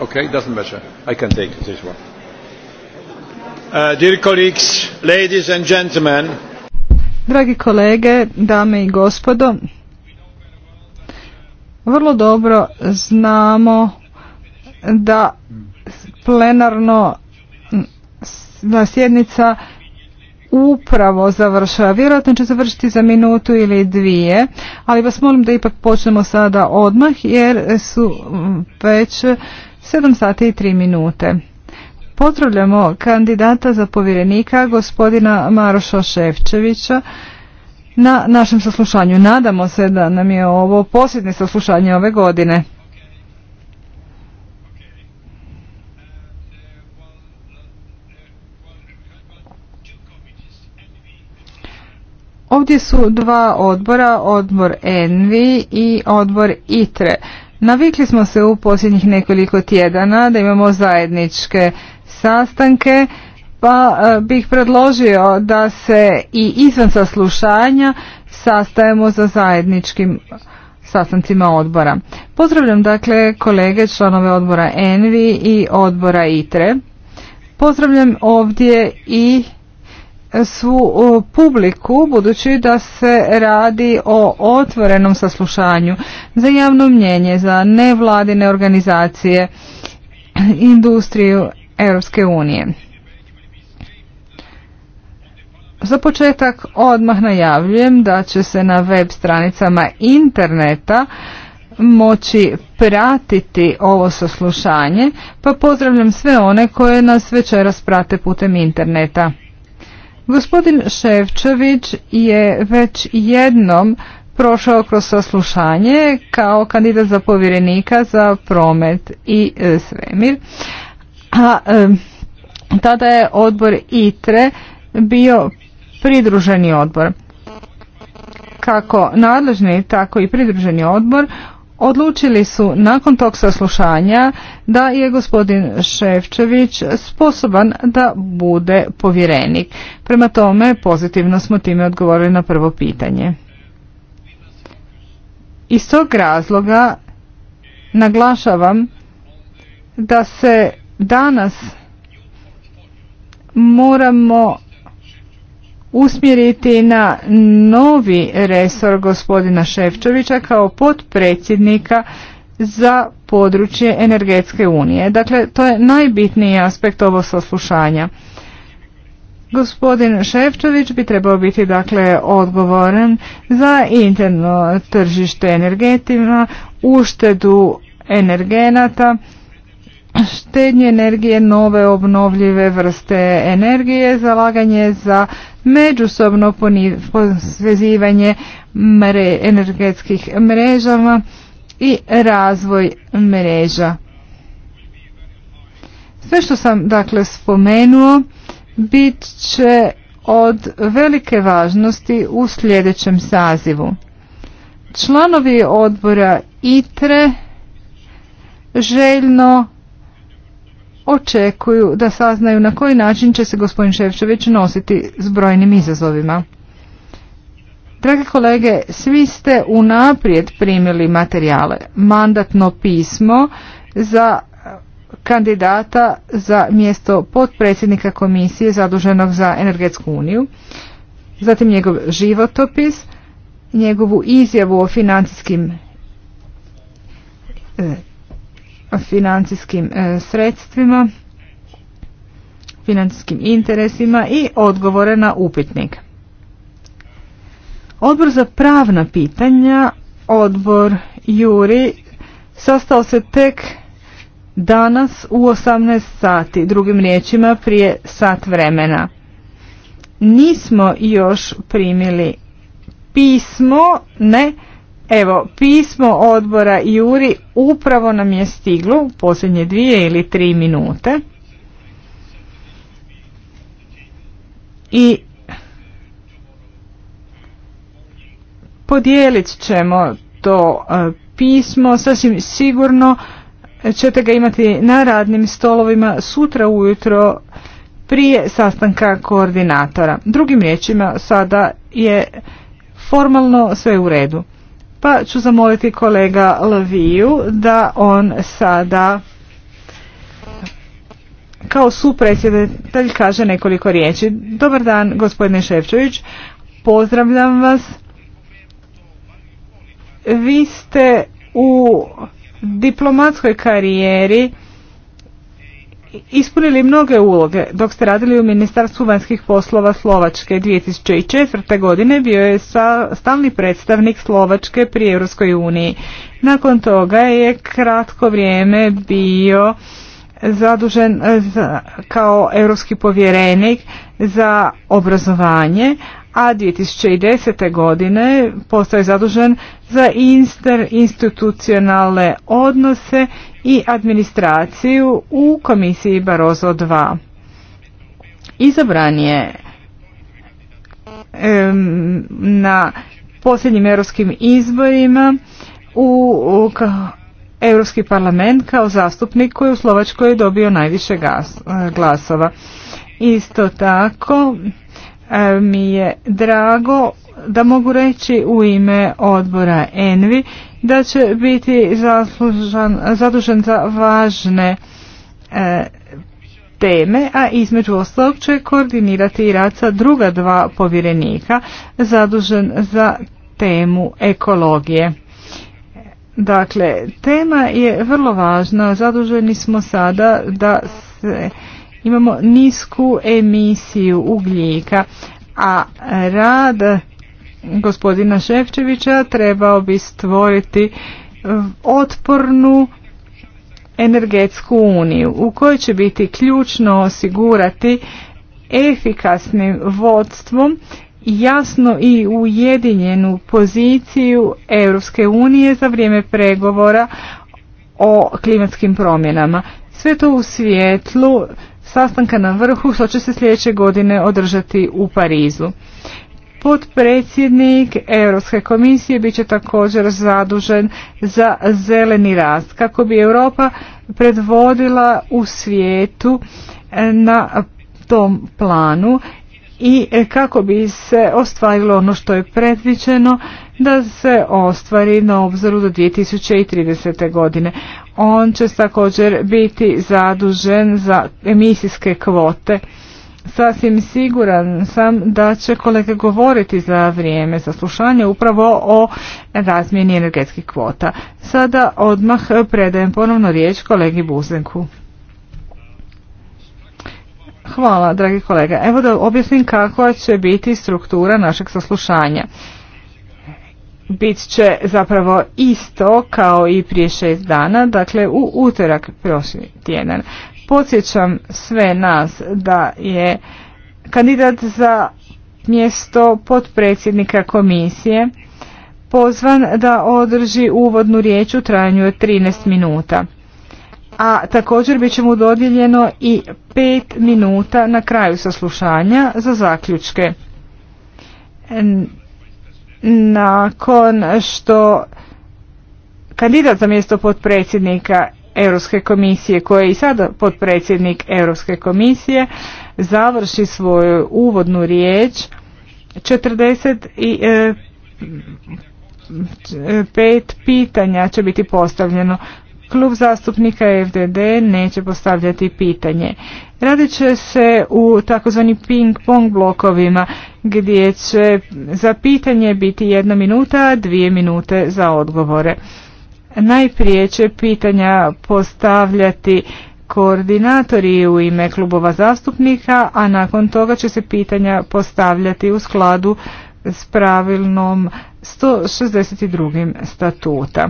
Okay, doesn't matter. I can take this one. Uh, Dragi kolege, dame i gospodo, vrlo dobro znamo da plenarno sjednica upravo završava. Vjerojatno će završiti za minutu ili dvije, ali vas molim da ipak počnemo sada odmah jer su već 7 sati i 3 minute. Pozdravljamo kandidata za povjerenika gospodina Maroša Ševčevića na našem saslušanju. Nadamo se da nam je ovo posljednje saslušanje ove godine. Ovdje su dva odbora, odbor ENVI i odbor ITRE. Navikli smo se u posljednjih nekoliko tjedana da imamo zajedničke sastanke, pa e, bih predložio da se i izvan saslušanja sastajemo za zajedničkim sastancima odbora. Pozdravljam dakle kolege članove odbora ENVI i odbora ITRE. Pozdravljam ovdje i svu publiku, budući da se radi o otvorenom saslušanju za javno mnjenje, za nevladine organizacije, industriju Europske unije. Za početak odmah najavljujem da će se na web stranicama interneta moći pratiti ovo saslušanje, pa pozdravljam sve one koje nas večeras prate putem interneta. Gospodin Ševčević je već jednom prošao kroz saslušanje kao kandidat za povjerenika za promet i e, svemir. A e, tada je odbor ITRE bio pridruženi odbor. Kako nadležni, tako i pridruženi odbor odlučili su nakon tog saslušanja da je gospodin Ševčević sposoban da bude povjerenik. Prema tome pozitivno smo time odgovorili na prvo pitanje. Iz tog razloga naglašavam da se danas moramo usmjeriti na novi resor gospodina Ševčovića kao potpredsjednika za područje energetske unije. Dakle, to je najbitniji aspekt ovog saslušanja. Gospodin Ševčović bi trebao biti dakle odgovoran za interno tržište energetima, uštedu energenata, štednje energije, nove obnovljive vrste energije, zalaganje za međusobno posvezivanje mre, energetskih mrežama i razvoj mreža. Sve što sam dakle spomenuo bit će od velike važnosti u sljedećem sazivu. Članovi odbora ITRE željno očekuju da saznaju na koji način će se gospodin Ševčević nositi s brojnim izazovima. Drage kolege, svi ste unaprijed primili materijale, mandatno pismo za kandidata za mjesto potpredsjednika komisije zaduženog za energetsku uniju, zatim njegov životopis, njegovu izjavu o financijskim e, financijskim e, sredstvima, financijskim interesima i odgovore na upitnik. Odbor za pravna pitanja, odbor Juri, sastao se tek danas u 18 sati, drugim riječima prije sat vremena. Nismo još primili pismo, ne, Evo, pismo odbora Juri upravo nam je stiglo u posljednje dvije ili tri minute. I podijelit ćemo to e, pismo, sasvim sigurno ćete ga imati na radnim stolovima sutra ujutro prije sastanka koordinatora. Drugim riječima sada je formalno sve u redu. Pa ću zamoliti kolega Laviju da on sada kao supredsjedatelj kaže nekoliko riječi. Dobar dan gospodine Ševčević, pozdravljam vas. Vi ste u diplomatskoj karijeri ispunili mnoge uloge. Dok ste radili u Ministarstvu vanjskih poslova Slovačke 2004. godine bio je stalni predstavnik Slovačke pri Europskoj uniji. Nakon toga je kratko vrijeme bio zadužen e, kao europski povjerenik za obrazovanje, a 2010. godine postaje zadužen za institucionalne odnose i administraciju u komisiji Barozo 2. Izabran je na posljednjim europskim izborima u, u Europski parlament kao zastupnik koji u Slovačkoj je dobio najviše e, glasova. Isto tako e, mi je drago da mogu reći u ime odbora Envi da će biti zaslužan, zadužen za važne e, teme, a između ostalog će koordinirati i rad sa druga dva povjerenika zadužen za temu ekologije. Dakle, tema je vrlo važna. Zaduženi smo sada da imamo nisku emisiju ugljika, a rad gospodina Ševčevića trebao bi stvoriti otpornu energetsku uniju u kojoj će biti ključno osigurati efikasnim vodstvom jasno i ujedinjenu poziciju Europske unije za vrijeme pregovora o klimatskim promjenama. Sve to u svijetlu sastanka na vrhu što će se sljedeće godine održati u Parizu. Potpredsjednik Europske komisije bit će također zadužen za zeleni rast kako bi Europa predvodila u svijetu na tom planu i e, kako bi se ostvarilo ono što je predviđeno da se ostvari na obzoru do 2030. godine. On će također biti zadužen za emisijske kvote. Sasvim siguran sam da će kolege govoriti za vrijeme saslušanja upravo o razmjeni energetskih kvota. Sada odmah predajem ponovno riječ kolegi Buzenku. Hvala, dragi kolega. Evo da objasnim kakva će biti struktura našeg saslušanja. Bit će zapravo isto kao i prije šest dana, dakle u utorak prošli tjedan. Podsjećam sve nas da je kandidat za mjesto potpredsjednika komisije pozvan da održi uvodnu riječ u trajanju od 13 minuta a također bit će dodijeljeno i pet minuta na kraju saslušanja za zaključke. Nakon što kandidat za mjesto potpredsjednika Europske komisije, koji je i sada potpredsjednik Europske komisije, završi svoju uvodnu riječ 40 i e, pet pitanja će biti postavljeno. Klub zastupnika FDD neće postavljati pitanje. Radit će se u takozvani ping-pong blokovima gdje će za pitanje biti jedna minuta, dvije minute za odgovore. Najprije će pitanja postavljati koordinatori u ime klubova zastupnika, a nakon toga će se pitanja postavljati u skladu s pravilnom 162. statuta.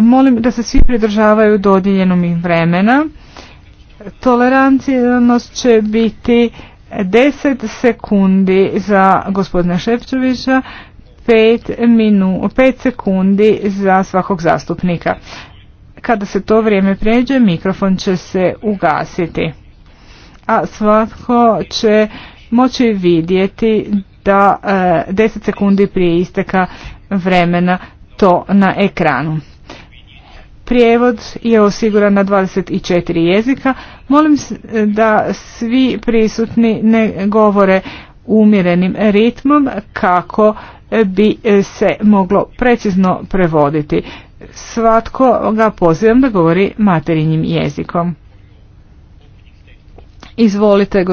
Molim da se svi pridržavaju dodijeljenom ih vremena. Tolerancijanost će biti 10 sekundi za gospodina Šepčevića, 5, sekundi za svakog zastupnika. Kada se to vrijeme pređe, mikrofon će se ugasiti. A svatko će moći vidjeti da e, deset 10 sekundi prije isteka vremena to na ekranu. Prijevod je osiguran na 24 jezika. Molim da svi prisutni ne govore umjerenim ritmom kako bi se moglo precizno prevoditi. Svatko ga pozivam da govori materinjim jezikom. Izvolite,